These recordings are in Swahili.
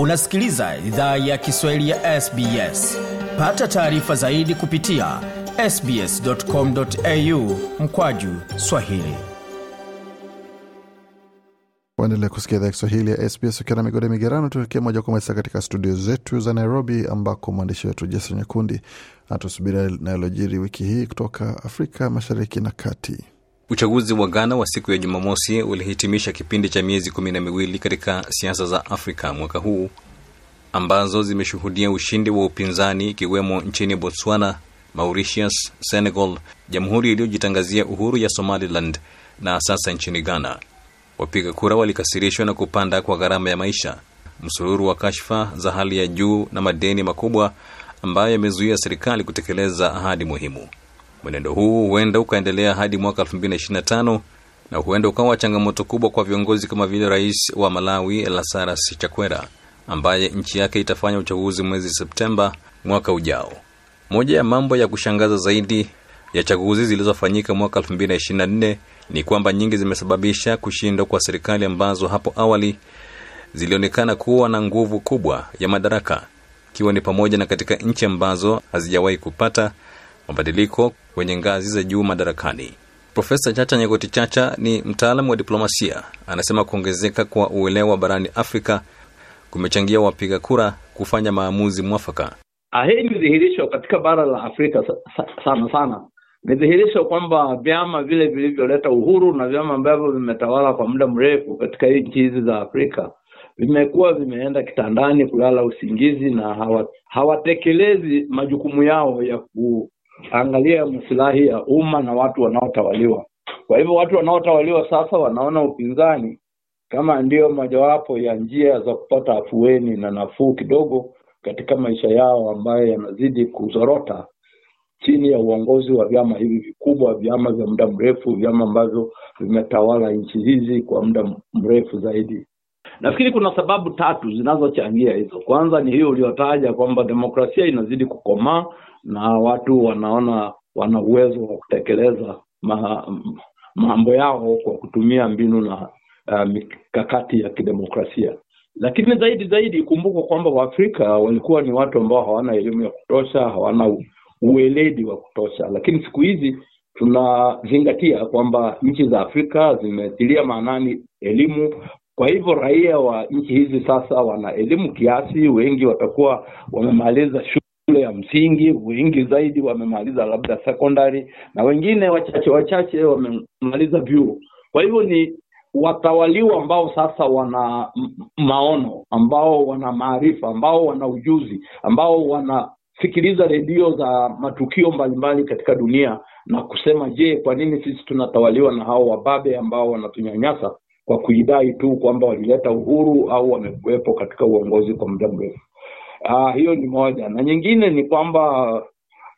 unasikiliza idhaa ya kiswahili ya sbs pata taarifa zaidi kupitia sbscomau mkwaju swahili waendelea kusikia idhaa ya kiswahili ya sbs ukiwa na migode migerano tuelekee moja kwa moja katika studio zetu za nairobi ambako mwandishi wetu jason nyekundi anatusubiri nayalojiri wiki hii kutoka afrika mashariki na kati Uchaguzi wa Ghana wa siku ya Jumamosi ulihitimisha kipindi cha miezi kumi na miwili katika siasa za Afrika mwaka huu ambazo zimeshuhudia ushindi wa upinzani ikiwemo nchini Botswana, Mauritius, Senegal, jamhuri iliyojitangazia uhuru ya Somaliland na sasa nchini Ghana. Wapiga kura walikasirishwa na kupanda kwa gharama ya maisha, msururu wa kashfa za hali ya juu na madeni makubwa ambayo yamezuia serikali kutekeleza ahadi muhimu. Mwenendo huu huenda ukaendelea hadi mwaka 2025 na huenda ukawa changamoto kubwa kwa viongozi kama vile rais wa Malawi Lazarus Chakwera ambaye nchi yake itafanya uchaguzi mwezi Septemba mwaka ujao. Moja ya mambo ya kushangaza zaidi ya chaguzi zilizofanyika mwaka 2024 ni kwamba nyingi zimesababisha kushindwa kwa serikali ambazo hapo awali zilionekana kuwa na nguvu kubwa ya madaraka, ikiwa ni pamoja na katika nchi ambazo hazijawahi kupata mabadiliko kwenye ngazi za juu madarakani. Profesa Chacha Nyegoti Chacha ni mtaalamu wa diplomasia, anasema kuongezeka kwa uelewa barani Afrika kumechangia wapiga kura kufanya maamuzi mwafaka. Ah, hii ni dhihirisho katika bara la Afrika sana sana, ni dhihirisho kwamba vyama vile vilivyoleta uhuru na vyama ambavyo vimetawala kwa muda mrefu katika nchi hizi za Afrika vimekuwa vimeenda kitandani kulala usingizi na hawatekelezi hawa majukumu yao ya angalia masilahi ya umma na watu wanaotawaliwa. Kwa hivyo watu wanaotawaliwa sasa wanaona upinzani kama ndiyo mojawapo ya njia za kupata afueni na nafuu kidogo katika maisha yao ambayo yanazidi kuzorota chini ya uongozi wa vyama hivi vikubwa, vyama vya muda mrefu, vyama ambavyo vimetawala nchi hizi kwa muda mrefu zaidi. Nafikiri kuna sababu tatu zinazochangia hizo. Kwanza ni hiyo uliyotaja kwamba demokrasia inazidi kukomaa na watu wanaona wana uwezo wa kutekeleza ma, mambo yao kwa kutumia mbinu na uh, mikakati ya kidemokrasia. Lakini zaidi zaidi, ikumbukwe kwamba Waafrika walikuwa ni watu ambao hawana elimu ya kutosha, hawana uweledi wa kutosha, lakini siku hizi tunazingatia kwamba nchi za Afrika zimetilia maanani elimu, kwa hivyo raia wa nchi hizi sasa wana elimu kiasi, wengi watakuwa wamemaliza shule ya msingi, wengi zaidi wamemaliza labda sekondari, na wengine wachache wachache wamemaliza vyuo. Kwa hivyo ni watawaliwa ambao sasa wana maono, ambao wana maarifa, ambao wana ujuzi, ambao wanasikiliza redio za matukio mbalimbali katika dunia na kusema, je, kwa nini sisi tunatawaliwa na hao wababe ambao wanatunyanyasa kwa kuidai tu kwamba walileta uhuru au wamekuwepo katika uongozi kwa muda mrefu. Uh, hiyo ni moja, na nyingine ni kwamba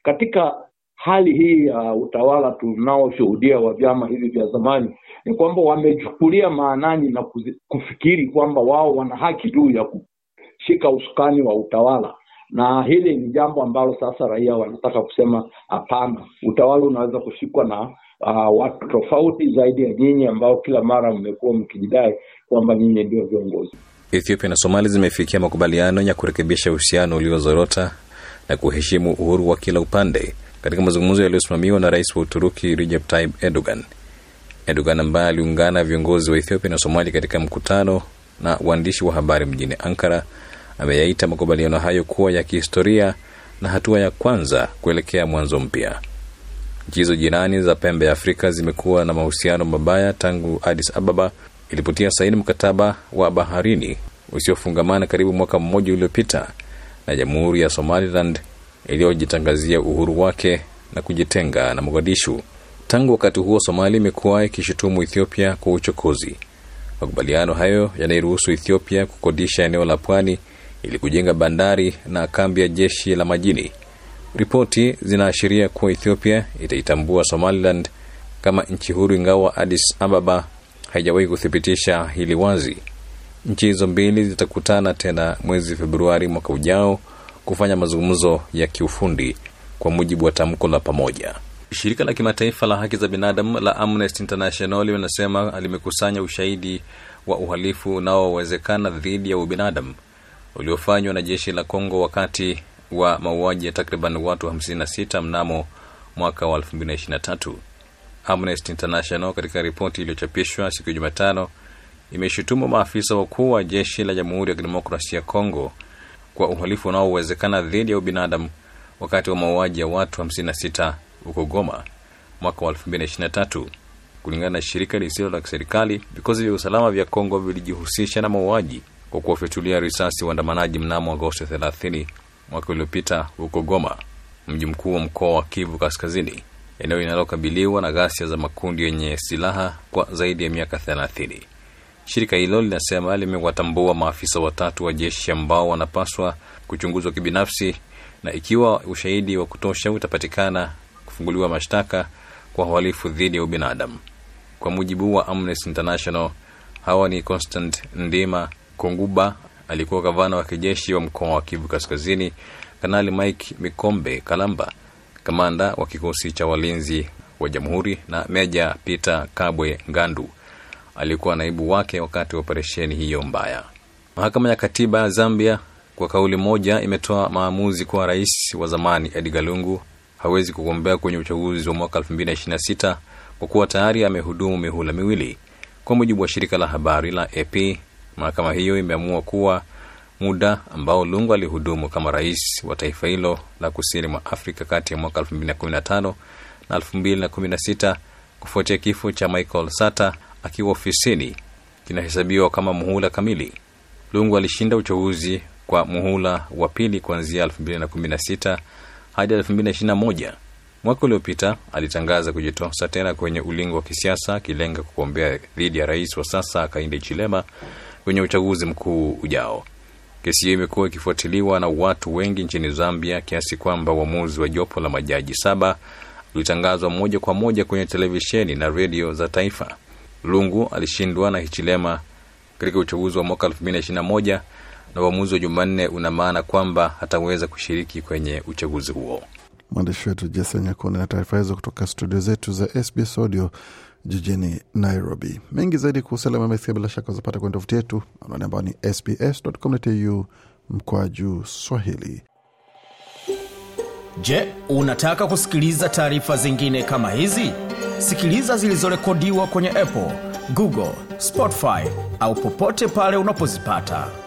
katika hali hii ya uh, utawala tunaoshuhudia wa vyama hivi vya zamani ni kwamba wamechukulia maanani na kufikiri kwamba wao wana haki tu ya kushika usukani wa utawala na hili ni jambo ambalo sasa raia wanataka kusema hapana, utawala unaweza kushikwa na uh, watu tofauti zaidi ya nyinyi ambao kila mara mmekuwa mkijidai kwamba nyinyi ndio viongozi. Ethiopia na Somali zimefikia makubaliano ya kurekebisha uhusiano uliozorota na kuheshimu uhuru wa kila upande katika mazungumzo yaliyosimamiwa na rais wa Uturuki Recep Tayyip Erdogan. Erdogan ambaye aliungana viongozi wa Ethiopia na Somalia katika mkutano na waandishi wa habari mjini Ankara ameyaita makubaliano hayo kuwa ya kihistoria na hatua ya kwanza kuelekea mwanzo mpya. Nchi hizo jirani za pembe ya Afrika zimekuwa na mahusiano mabaya tangu adis Ababa ilipotia saini mkataba wa baharini usiofungamana karibu mwaka mmoja uliopita na Jamhuri ya Somaliland iliyojitangazia uhuru wake na kujitenga na Mogadishu. Tangu wakati huo, Somalia imekuwa ikishutumu Ethiopia kwa uchokozi. Makubaliano hayo yanairuhusu Ethiopia kukodisha eneo la pwani ili kujenga bandari na kambi ya jeshi la majini. Ripoti zinaashiria kuwa Ethiopia itaitambua Somaliland kama nchi huru, ingawa Addis Ababa haijawahi kuthibitisha hili wazi. Nchi hizo mbili zitakutana tena mwezi Februari mwaka ujao kufanya mazungumzo ya kiufundi, kwa mujibu wa tamko la pamoja. Shirika la kimataifa la haki za binadamu la Amnesty International linasema limekusanya ushahidi wa uhalifu unaowezekana dhidi ya ubinadamu uliofanywa na jeshi la Kongo wakati wa mauaji ya takriban watu 56 mnamo mwaka wa 2023. Amnesty International katika ripoti iliyochapishwa siku ya Jumatano imeshutumu maafisa wakuu wa jeshi la Jamhuri ya Kidemokrasia ya Kongo kwa uhalifu unaowezekana dhidi ya ubinadamu wakati wa mauaji ya watu 56 huko Goma mwaka wa 2023. Kulingana na shirika lisilo la kiserikali, vikosi vya usalama vya Kongo vilijihusisha na mauaji kwa kuwafyatulia risasi waandamanaji mnamo Agosti 30 mwaka uliopita huko Goma, mji mkuu wa mkoa wa Kivu Kaskazini, eneo linalokabiliwa na ghasia za makundi yenye silaha kwa zaidi ya miaka 30. Shirika hilo linasema limewatambua maafisa watatu wa jeshi ambao wanapaswa kuchunguzwa kibinafsi na ikiwa ushahidi wa kutosha utapatikana kufunguliwa mashtaka kwa uhalifu dhidi ya ubinadamu. Kwa mujibu wa Amnesty International, hawa ni Constant Ndima Konguba alikuwa gavana wa kijeshi wa mkoa wa Kivu Kaskazini, Kanali Mike Mikombe Kalamba kamanda wa kikosi cha walinzi wa jamhuri, na Meja Peter Kabwe Ngandu alikuwa naibu wake wakati wa operesheni hiyo mbaya. Mahakama ya Katiba ya Zambia kwa kauli moja imetoa maamuzi kuwa rais wa zamani Edgar Lungu hawezi kugombea kwenye uchaguzi wa mwaka 2026 kwa kuwa tayari amehudumu mihula miwili, kwa mujibu wa shirika la habari la AP. Mahakama hiyo imeamua kuwa muda ambao Lungu alihudumu kama rais wa taifa hilo la kusini mwa Afrika kati ya mwaka 2015 na 2016 kufuatia kifo cha Michael Sata akiwa ofisini kinahesabiwa kama muhula kamili. Lungu alishinda uchaguzi kwa muhula wa pili kuanzia 2016 hadi 2021. Mwaka uliopita alitangaza kujitosa tena kwenye ulingo wa kisiasa akilenga kugombea dhidi ya rais wa sasa kainde chilema kwenye uchaguzi mkuu ujao. Kesi hiyo imekuwa ikifuatiliwa na watu wengi nchini Zambia kiasi kwamba uamuzi wa jopo la majaji saba ulitangazwa moja kwa moja kwenye televisheni na redio za taifa. Lungu alishindwa na Hichilema katika uchaguzi wa mwaka 2021 na uamuzi wa Jumanne una maana kwamba hataweza kushiriki kwenye uchaguzi huo. Mwandishi wetu Jason Nyakuni na taarifa hizo kutoka studio zetu za SBS Audio jijini Nairobi. Mengi zaidi kuhusu alama bila shaka uzapata kwenye tovuti yetu anwani ambayo ni sbs.com.au juu swahili. Je, unataka kusikiliza taarifa zingine kama hizi? Sikiliza zilizorekodiwa kwenye Apple, Google, Spotify au popote pale unapozipata.